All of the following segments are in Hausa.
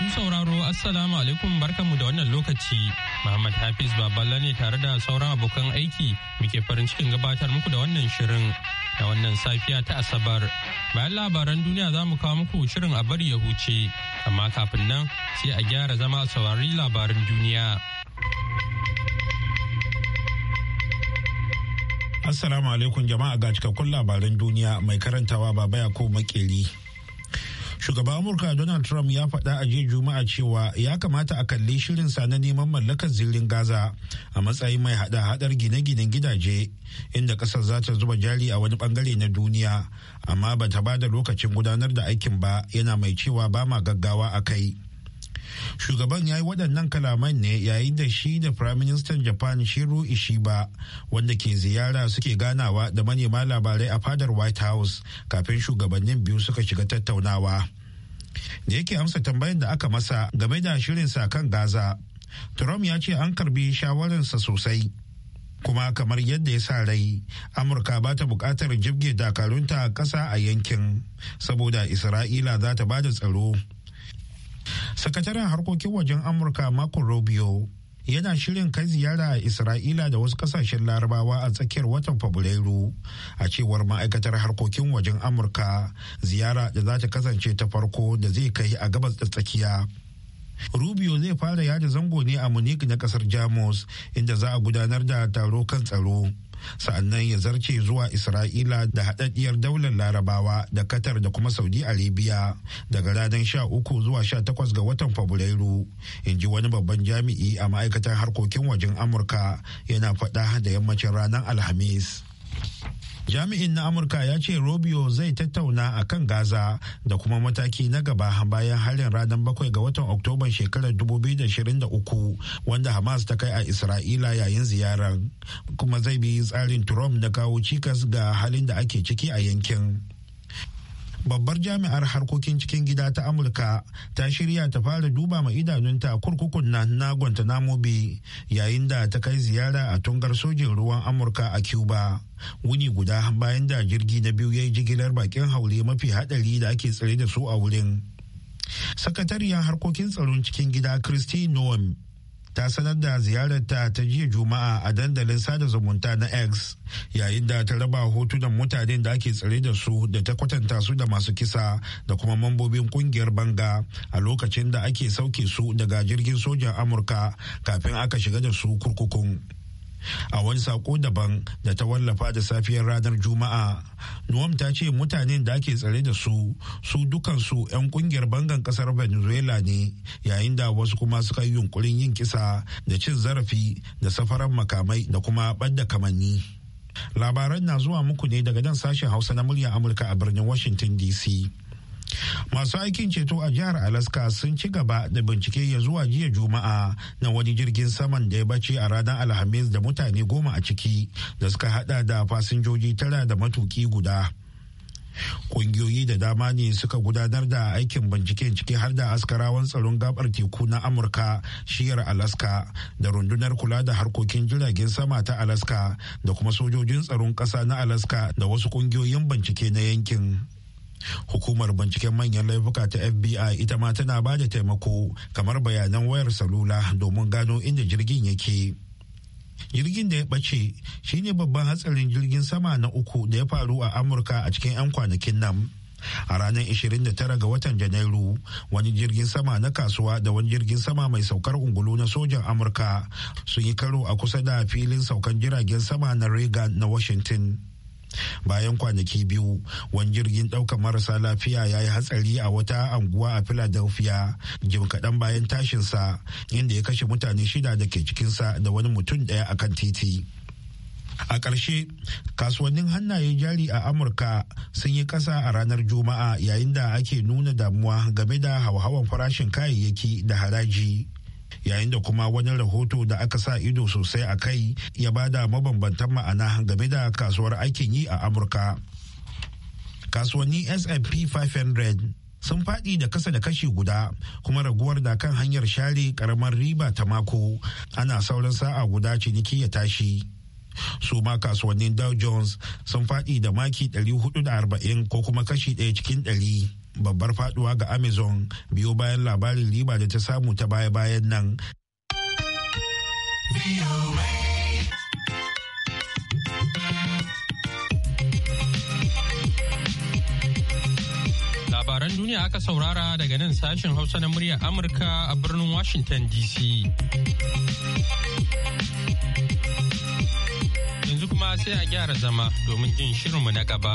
Masu sauraro Assalamu alaikum barkanmu da wannan lokaci. Muhammad Hafiz Baballa ne tare da sauran abokan aiki muke farin cikin gabatar muku da wannan shirin da wannan safiya ta Asabar. Bayan labaran duniya za mu kawo muku shirin a bari ya huce, amma kafin nan sai a gyara zama a saurari labaran duniya. Assalamu alaikum jama'a ga cikakkun labaran duniya mai karantawa Baba Yakubu Makeri. Shugaban Amurka Donald Trump ya faɗa a jiya Juma'a cewa ya kamata a kalli shirinsa na neman mallakar zirin Gaza a matsayin mai hada hadar gine-ginen gidaje inda ƙasar za ta zuba jari a wani bangare na duniya amma ba ta ba da lokacin gudanar da aikin ba yana mai cewa ba ma gaggawa a kai. shugaban ya yi waɗannan kalaman ne yayin da shi da firaministan japan shiru ishiba wanda ke ziyara suke ganawa da manema labarai a fadar white house kafin shugabannin biyu suka shiga tattaunawa da yake amsa tambayan da aka masa game da shirin sa kan gaza trump ya ce an karbi shawararsa sosai kuma kamar yadda ya sa rai amurka ba ta bukatar jibge dakarunta ƙasa a yankin saboda isra'ila za ta ba da tsaro sakataren harkokin wajen amurka marco rubio yana shirin kai ziyara a isra'ila da wasu kasashen larabawa a tsakiyar watan fabrairu a cewar ma'aikatar harkokin wajen amurka ziyara da za ta kasance ta farko da zai kai a gabas da tsakiya Rubio zai fara yada zango ne a Munich na kasar Jamus inda za a gudanar da taro kan tsaro. sa'annan ya zarce zuwa isra'ila da haɗaɗɗiyar daular larabawa da qatar da kuma saudi arabia daga ranar sha uku zuwa sha takwas ga watan fabrairu in ji wani babban jami'i a ma'aikatar harkokin wajen amurka yana faɗa da yammacin ranar alhamis jami'in na amurka ya ce robio zai tattauna a kan gaza da kuma mataki na gaba bayan harin ranar bakwai ga watan oktoban shekarar 2023 wanda hamas ta kai a isra'ila yayin ziyarar kuma zai bi tsarin trump na kawo cikas ga halin da ake ciki a yankin babbar jami'ar harkokin cikin gida ta amurka ta shirya ta fara duba ma idanunta kurkukun na na guantanamo bay yayin da ta kai ziyara a tungar sojin ruwan amurka a cuba wuni guda bayan da jirgi na biyu ya yi jigilar bakin haure mafi hadari da ake tsare da su a wurin sakatariyar harkokin tsaron cikin gida christine noem ta sanar da ziyararta ta jiya juma'a a dandalin sada zumunta na x yayin da ta raba hotunan mutanen da ake tsare da su da ta kwatanta su da masu kisa da kuma mambobin kungiyar banga a lokacin da ake sauke su daga jirgin sojan amurka kafin aka shiga da su kurkukun a wani sako daban da ta wallafa da safiyar ranar juma'a nuwam ta ce mutanen da ake tsare da su su dukansu 'yan kungiyar bangan kasar venezuela ne yayin da wasu kuma suka yi yunkurin yin kisa da cin zarafi da safaran makamai da kuma ɓadda kamanni labaran na zuwa muku ne daga nan sashen hausa na murya amurka a birnin washington dc masu aikin ceto a jihar alaska sun ci gaba da bincike ya zuwa jiya juma'a na wani jirgin saman da ya bace a ranar alhamis da mutane goma a ciki da suka hada da fasinjoji tara da matuki guda kungiyoyi da dama ne suka gudanar da aikin binciken ciki har da askarawan tsaron gabar teku na amurka shiyar alaska da rundunar kula da harkokin jiragen sama ta alaska da kuma sojojin tsaron ƙasa na alaska da wasu kungiyoyin bincike na yankin Hukumar binciken manyan laifuka ta FBI ita ma tana ba da taimako kamar bayanan wayar salula domin gano inda jirgin yake. Jirgin da ya ɓace shine babban hatsarin jirgin sama na uku da ya faru a Amurka a cikin 'yan kwanakin nan. A ranar 29 ga watan Janairu, wani jirgin sama na kasuwa da wani jirgin sama mai saukar ungulu na sojan Amurka sun yi karo a kusa da filin saukan jiragen sama na Reagan na Washington. bayan kwanaki biyu wani jirgin ɗaukar marasa lafiya ya yi hatsari a wata anguwa a philadelphia jim kaɗan bayan tashinsa inda ya kashe mutane shida da ke cikinsa da wani mutum ɗaya a kan titi a ƙarshe kasuwannin hannayen jari a amurka sun yi ƙasa a ranar juma'a yayin da ake nuna damuwa game da hauhawan farashin kayayyaki da haraji yayin da kuma wani rahoto da aka sa ido sosai a kai ya bada mabambantan ma'ana game da kasuwar aikin yi a amurka kasuwanni sfp 500 sun faɗi da kasa da kashi guda kuma raguwar da kan hanyar share karamar riba ta mako ana sauran sa'a guda ciniki ya tashi su ma kasuwannin dow jones sun faɗi da maki 440 ko kuma kashi ɗaya cikin ɗari. babbar faduwa ga amazon biyo bayan labarin riba da ta samu ta baya-bayan nan labaran duniya aka saurara daga nan sashen hausa na muryar amurka a birnin washington dc yanzu kuma sai a gyara zama domin jin shirinmu na gaba.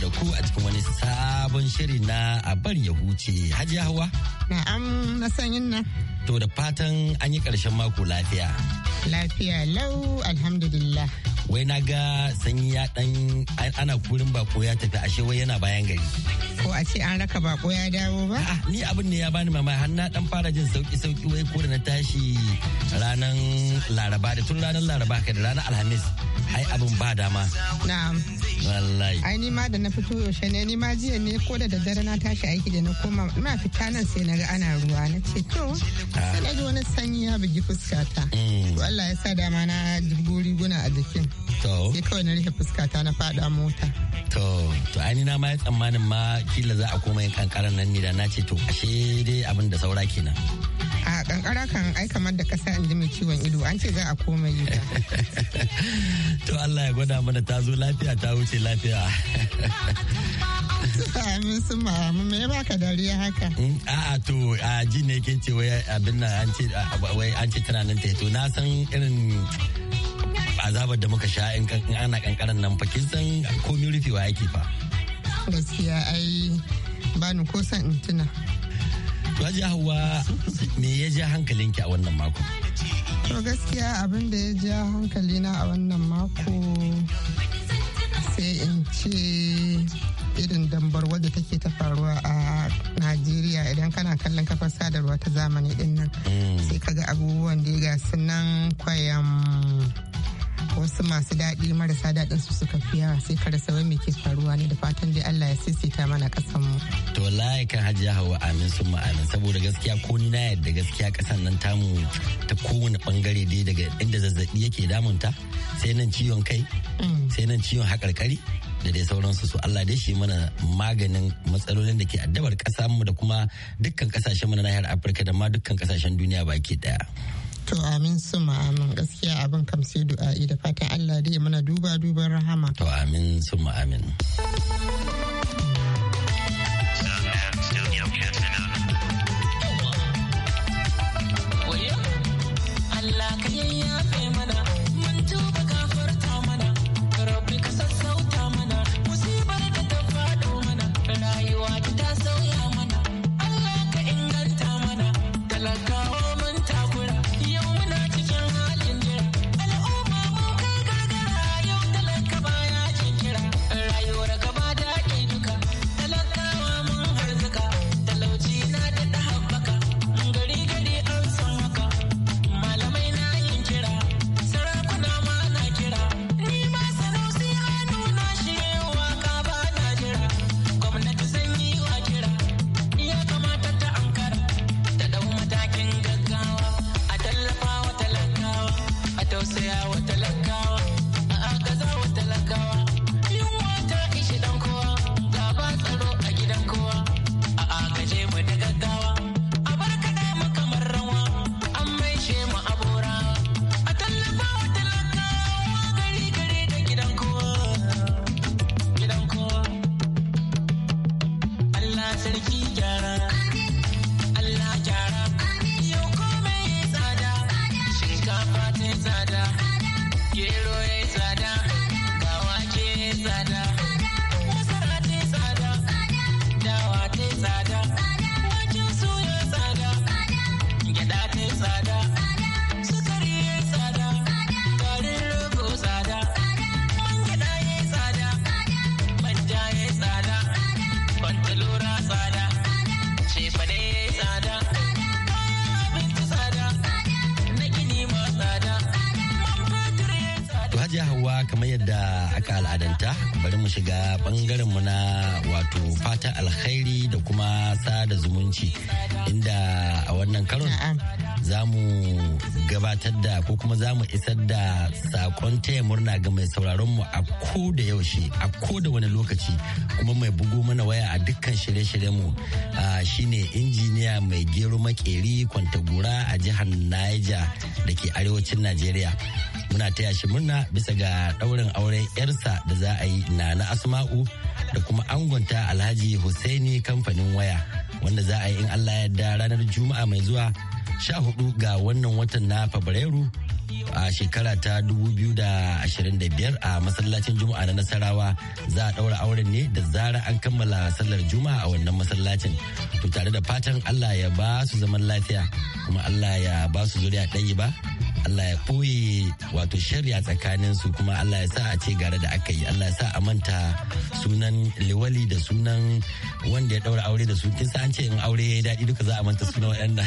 da ku a cikin wani sabon shiri na a bar ya huce. Hajiya Hawa? Na'am, na sanyin nan. To da fatan an yi ƙarshen mako lafiya. Lafiya lau alhamdulillah. Wai na ga sanyi ya ɗan ana kurin bako ya tafi ashe wai yana bayan gari. ko a ce an raka bako ya dawo ba ni abin ne ya bani mama har na dan fara jin sauki sauki wai ko da na tashi ranar laraba da tun ranar laraba kai da ranar alhamis ai abin ba dama na'am wallahi ai ni ma da na fito yaushe ne ni ma jiya ne ko da daddare na tashi aiki da na koma ina fita nan sai na ga ana ruwa na ce to ah. sai na ji wani sanyi ya bugi fuskata wallahi mm. ya sa dama na guri guna a jikin To. Sai kawai na rufe fuskata na faɗa mota. To, to ainihin na ma ya tsammanin ma kila za a koma yin kankaran nan ni da na ce to ashe dai abin da saura kenan. A kankara kan ai kamar da kasa in ji mai ciwon ido an ce za a koma yi ta. To Allah ya gwada mana ta zo lafiya ta wuce lafiya. Amin su mu me baka dariya haka? Mm, a'a to a ji ne ke ce wai abin nan an ce tana nan ta to na san irin azabar da muka sha in ana kankaran nan fa kin san komi rufewa yake fa gaskiya ai bani ko san in tuna to hawa me ya ja hankalinki a wannan mako to gaskiya abin da ya ja hankalina a wannan mako sai in ce irin dambar wadda take ta faruwa a Najeriya idan kana kallon kafar sadarwa ta zamani din mm. nan sai kaga abubuwan da ga su nan kwayan wasu masu daɗi marasa daɗin su suka fi yawa sai kada rasa mai ke faruwa ne da fatan dai Allah ya sisita mana kasan mu to wallahi kan ya hawa amin sun ma'anin saboda gaskiya ko ni na yadda gaskiya kasan nan tamu ta kowane bangare dai daga inda zazzabi yake damunta sai nan ciwon kai mm. sai nan ciwon haƙarƙari da dai sauransu su Allah dai shi mana maganin matsalolin da ke addabar mu da kuma dukkan kasashen mu na nahiyar Afirka da ma dukkan kasashen duniya baki ɗaya. To amin suma amin gaskiya abin kam du'a'i da fatan Allah dai mana duba duban rahama. To amin suma amin. shiga mu na wato fata alkhairi da kuma sada zumunci inda a wannan karon za mu gabatar da ko kuma za mu isar da sakon taya murna ga mai sauraron mu a ko da yaushe a ko da wani lokaci kuma mai bugo mana waya a dukkan shirye-shiryen mu shine injiniya mai gero makeri kwantagura a jihar Niger da ke arewacin Najeriya. Muna taya shi murna bisa ga ɗaurin auren 'yarsa da za a yi na na Asma'u da kuma angonta Alhaji Hussaini kamfanin waya wanda za a yi in Allah ya da ranar Juma'a mai zuwa 14 ga wannan watan na Fabrairu a shekara ta 2025 a masallacin juma'a na nasarawa za a ɗaura auren ne da zara an kammala sallar juma'a a wannan masallacin to tare da fatan allah ya ba su zaman lafiya kuma allah ya ba su zuriya ɗayi ba Allah ya ɓoye wato shari'a tsakanin su kuma Allah ya sa a ce gara da aka yi Allah ya sa a manta sunan liwali da sunan wanda ya daura aure da su kin an ce in aure ya yi daɗi duka za a manta sunan waɗanda.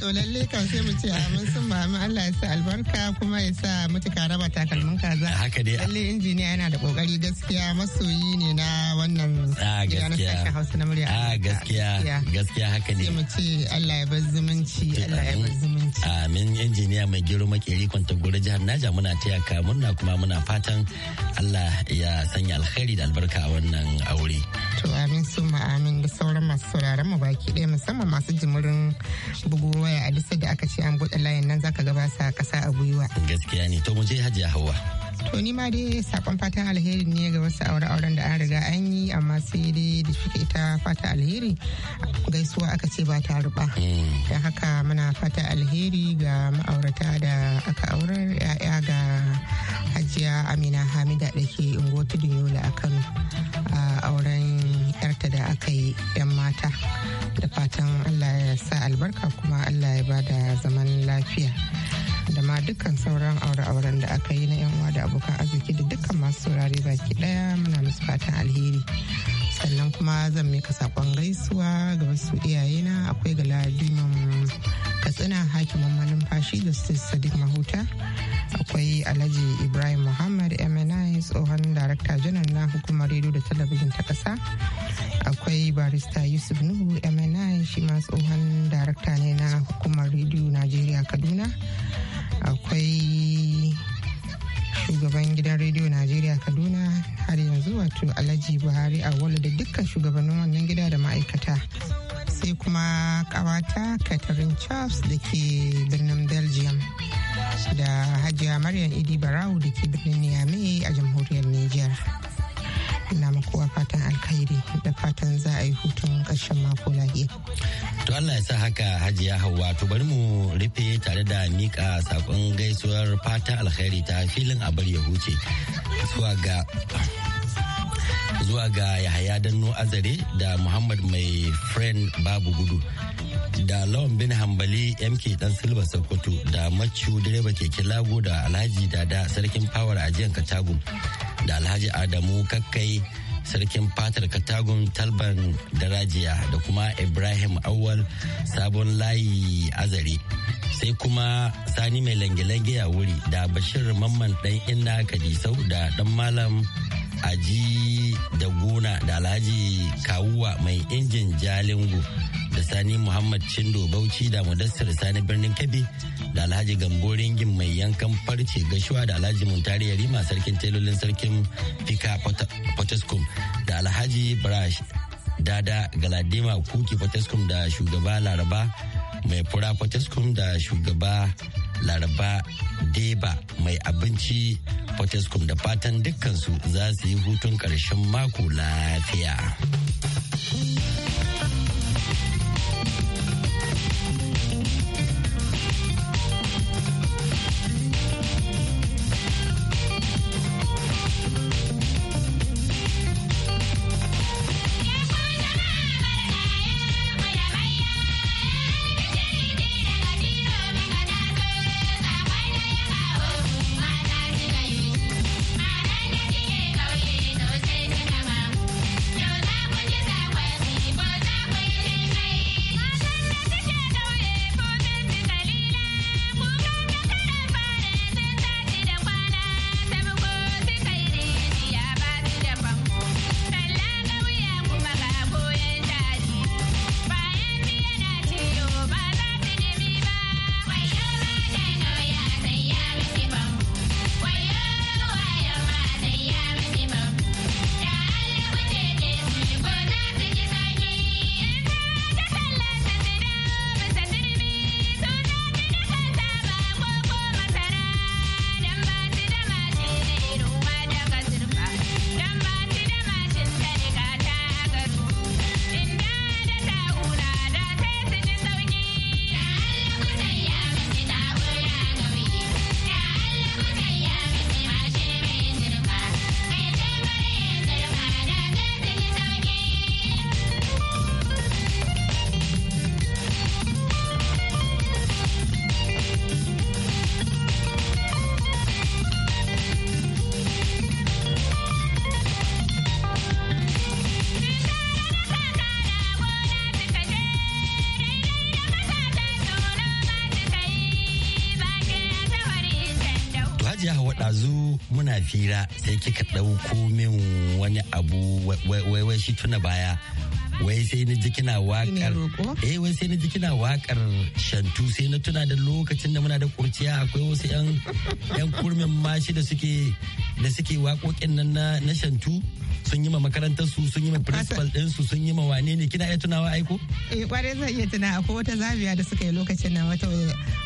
To lalle kan sai mu ce amin sun mu Allah ya sa albarka kuma ya sa mutuka raba takalmin kaza. Haka dai. Lalle injiniya yana da kokari gaskiya masoyi ne na wannan ah, a na murya. Ah, a gaskiya gaskiya haka ne. Sai mu ce Allah ya bar zumunci Allah ya Amin injiniya mai gero makeri kwanta gore jihar Naja muna taya ka murna kuma muna fatan Allah ya sanya alkhairi da albarka a wannan aure. To amin su amin da sauran masu sauraron mu baki ɗaya musamman masu jimurin bugu waya a da aka ce an buɗe layin nan zaka gabasa kasa a gwiwa. Gaskiya ne to mu je hajiya Hauwa. To ni ma dai sakon fatan alheri ne ga wasu aure-auren da an riga an yi amma sai dai da shi ita fata alheri gaisuwa aka ce ba ta ruba. Mm. Da haka muna fata alheri ga ma'aurata da aka aurar ya'ya ga hajiya Amina Hamida da ke ungo tudun yola a Kano a auren yarta da aka yi 'yan mata. Da fatan Allah ya sa albarka kuma Allah ya ba da zaman lafiya. da ma dukkan sauran aure-auren da aka yi na 'yan uwa da abokan arziki da dukkan masu saurare baki daya muna musu fatan alheri sannan kuma zan mika sakon gaisuwa ga wasu iyayena akwai ga ladiman katsina hakiman manumfashi da sadiq mahuta akwai alhaji ibrahim muhammad mni tsohon darakta janar na hukumar rediyo da talabijin ta kasa akwai barista yusuf nuhu mni shi ma tsohon darakta ne na hukumar rediyo najeriya kaduna akwai shugaban gidan rediyo najeriya kaduna har yanzu wato alhaji buhari awolu da dukkan shugabannin wannan gida da ma'aikata sai kuma kawata catherine charles da ke birnin belgium da hajiya maryam idi barau da ke birnin niamey a jamhuriyar niger ina makowa fatan alkhairi da fatan za a yi hutun ƙarshen mako lahiya. To Allah ya sa haka hajiya Hauwa to bari mu rufe tare da mika sakon gaisuwar fatan alkhairi ta filin abar ya huce. Zuwa ga zuwa ga yahaya danno azare da muhammad mai friend babu gudu da lawan bin hambali mk dan silba sokoto da macu direba keke lago da alhaji dada sarkin power a jiyan katagun da alhaji adamu kakkai sarkin fatar katagun talban darajiya da kuma ibrahim awal sabon layi azare sai kuma sani mai lange-lange a wuri da bashir mamman dan inna kadisau da dan malam aji da gona da alhaji kawuwa mai injin jalingo da sani muhammad cindo bauchi da mudassir sani birnin kebbi da alhaji gambo mai yankan farce gashuwa da alhaji muntari yarima sarkin telolin sarkin fika potaskum da alhaji brash dada galadima kuki potaskum da shugaba laraba mai fura potaskum da shugaba laraba deba mai abinci potescom da fatan dukkansu za su yi hutun ƙarshen mako lafiya. sira sai kika ɗauko min wani abu wai shi tuna baya wai sai na jikina wakar eh wai sai na jikina wakar shantu sai na tuna da lokacin da muna da kurciya akwai wasu yan kurmin mashi da suke da suke nan na shantu sun yi ma makarantar su sun yi ma principal din su sun yi ma wane ne kina iya tunawa aiko eh kwarai zan iya tuna akwai wata zabiya da suka yi lokacin na wata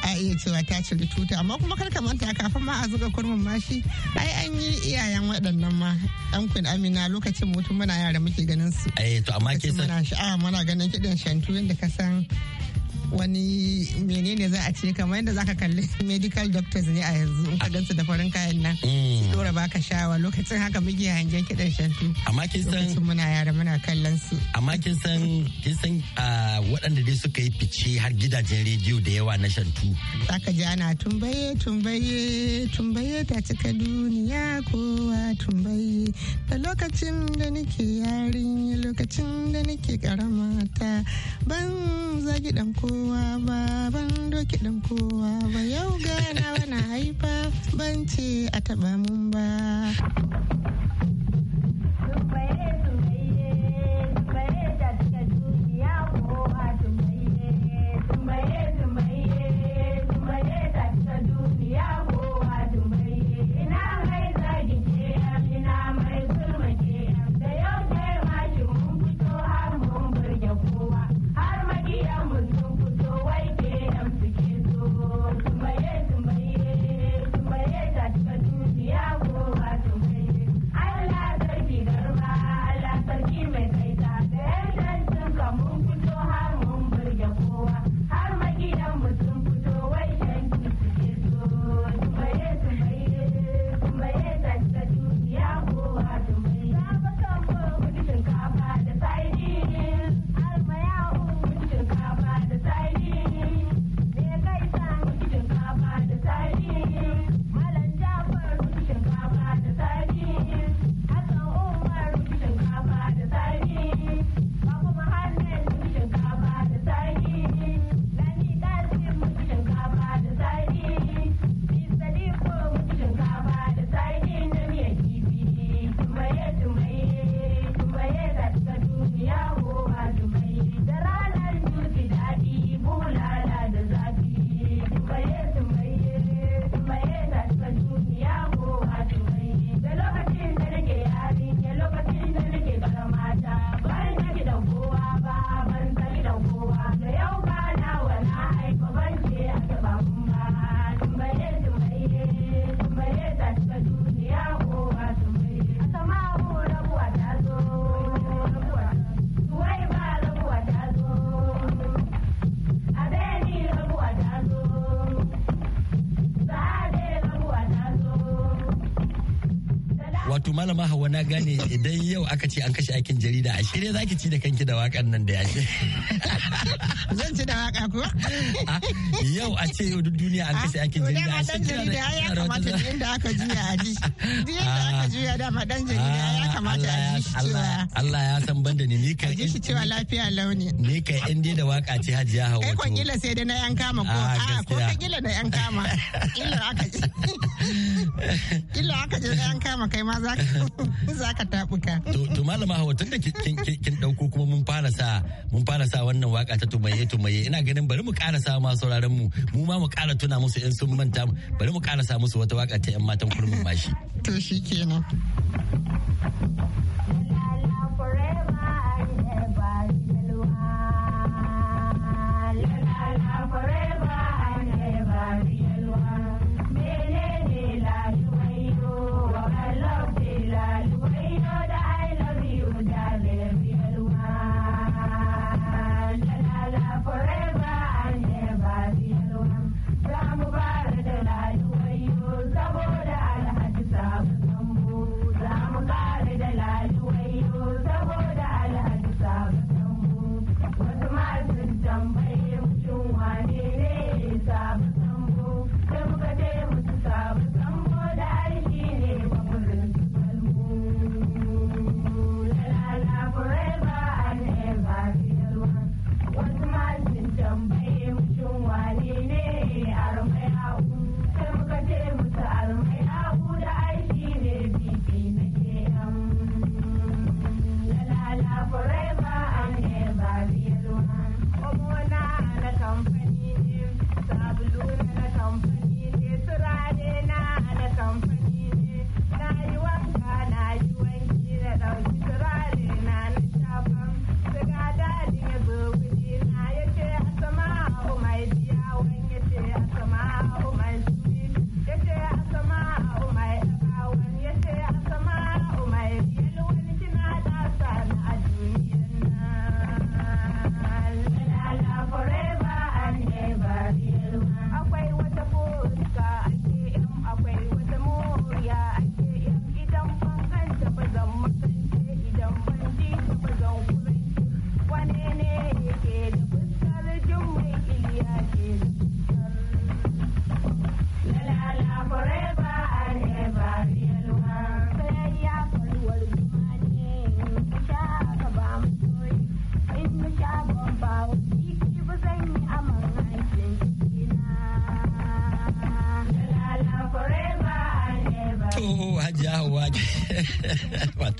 a iya cewa ta ci tuta amma kuma kar ka manta kafin ma a zuga kurmin mashi ai an yi iyayen waɗannan ma an kun amina lokacin mutum muna yara muke ganin su eh to amma ke san muna ganin kidan shantu yanda ka san wani menene za a ce kamar yadda zaka kalli medical doctors ne a yanzu in ka gansu da farin kayan nan su dora baka shawa lokacin haka muke hangen kiɗan shantu amma kin san muna yara muna kallon su amma kin san kin san ah, waɗanda dai suka yi fice har gidajen rediyo da yawa na shantu zaka ji ana tumbaye tumbaye tumbaye ta cika duniya kowa tumbaye a lokacin da nake yarinya lokacin da nake ta ban zagi dan kowa ba ban doki dan kowa ba yau gana wana haifa ban ce a taba mun ba malama hawa na gane idan yau aka ce an kashe aikin jarida a shirye za ki ci da kanki da wakan nan da yashe. Zan ci da waka ko? Ah, yau a ce yau duk duniya an kashe aikin jarida a ah, shirye. Dama dan jarida ya kamata da yadda aka juya a ji. Duk yadda aka ah, juya dama dan jarida ya kamata a ji shi cewa. Allah ya san banda ne. A ji shi cewa lafiya launi. Ni ka in dai da waka ce hajiya hawa. Kai kwan kila sai dai na yan kama ko a ko ta kila na yan kama. Kila aka ji. Kila aka ji na yan kama kai ma za ka za ka tabuka to malama hawa tun da kin dauko kuma mun fara sa mun fara sa wannan waka ta tumaye tumaye ina ganin bari mu ƙara sa ma sauraron mu mu ma mu ƙara tuna musu in sun manta bari mu ƙara sa musu wata waka ta yan matan kurmin bashi to shikenan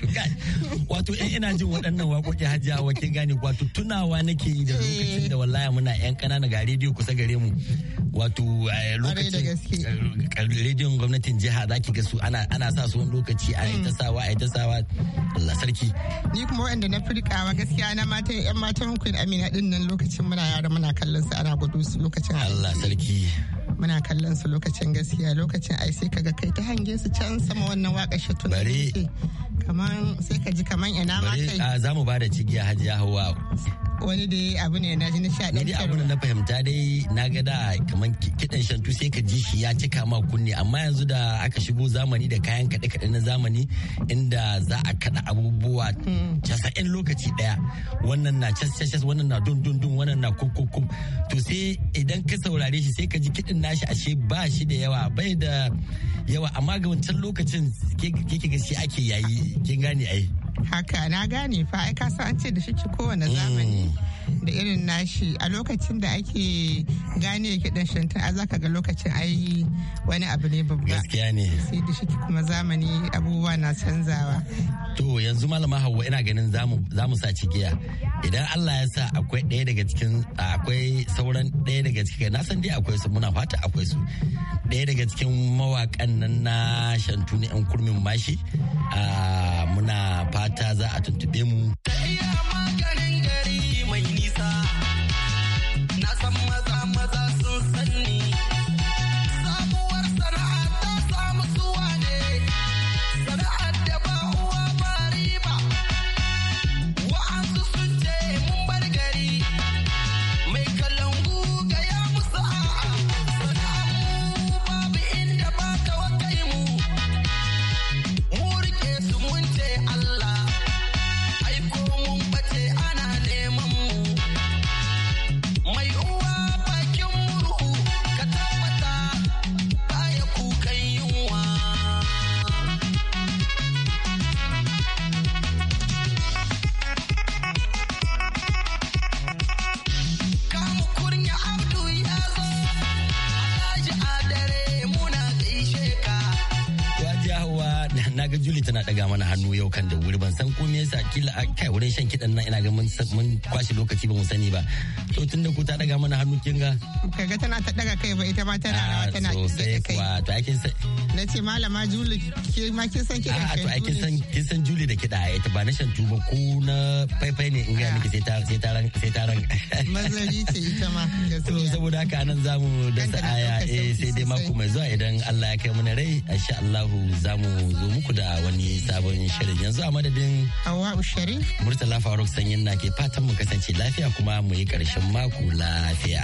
wato in eh, ina jin waɗannan waƙoƙi hajiya wa kin gane wato tunawa nake yi da eh. lokacin da wallahi muna yan ƙanana ga rediyo kusa gare mu wato eh, lokacin rediyon gwamnatin jiha za ki ga su ana ana sa su wani lokaci a yi ta mm. sawa a yi ta sawa Allah sarki ni kuma waɗanda na firkawa gaskiya na matan yan matan Queen Amina din nan lokacin muna yara muna kallon su ana gudu su lokacin Allah sarki muna kallon su lokacin gaskiya lokacin ai sai kaga kai ta hange su can sama wannan waka shatun bare kaman sai ka ji kaman ina ma kai za mu ba da cigiya hajiya hawa wani dai abu ne na nishaɗi. ɗari abu na fahimta dai na ga da kamar kiɗan shantu sai ka ji shi ya cika ma kunne amma yanzu da aka shigo zamani da kayan kaɗe kaɗe na zamani inda za a kaɗa abubuwa hmm. casa'in lokaci ɗaya wannan na cas cas wannan na dun dun wannan na kum kum kum to sai idan ka saurare shi sai ka ji kiɗin nashi ashe ba shi da yawa bai da yawa amma ga wancan lokacin ke ke ga shi ake yayi kin gane ai. haka na gane fa ai ka san an ce da shi kowane zamani mm. da irin nashi a lokacin da ake gane kiɗan shantin a zaka ga lokacin ayi wani abu ne babba gaskiya ne sai da shi kuma zamani abubuwa na canzawa to yanzu malama hawa ina ganin za mu sa cigiya idan Allah ya sa akwai ɗaya daga cikin akwai sauran ɗaya daga cikin na san dai akwai su muna fata akwai su ɗaya daga cikin mawakan nan na shantu na yan kurmin mashi ah, muna fata za a tuntube mu tana daga mana hannu yau kan da wuri ban san ko me yasa kila a kai wurin shan kidan nan ina ga mun mun kwashi lokaci ba mu sani ba to tunda ku ta daga mana hannu kin ga kaga tana ta daga kai ba ita ma tana rawa ah, tana sai kwa to kin na ce malama juli ke ma kin san kiɗa a to ai kin san kin san juli da kiɗa ita ba na shan tuba ko na faifai ne in ga miki sai ta sai ta ran sai ta ran mazari ce ita ma to saboda haka anan zamu da sa'aya eh sai dai mako mai zuwa idan Allah ya kai mu na rai insha Allah zamu zo muku da wani sabon shirin yanzu a madadin Hawa Ushari Murtala Faruk Sanyin na ke fatan mu kasance lafiya kuma mu yi karshen mako lafiya.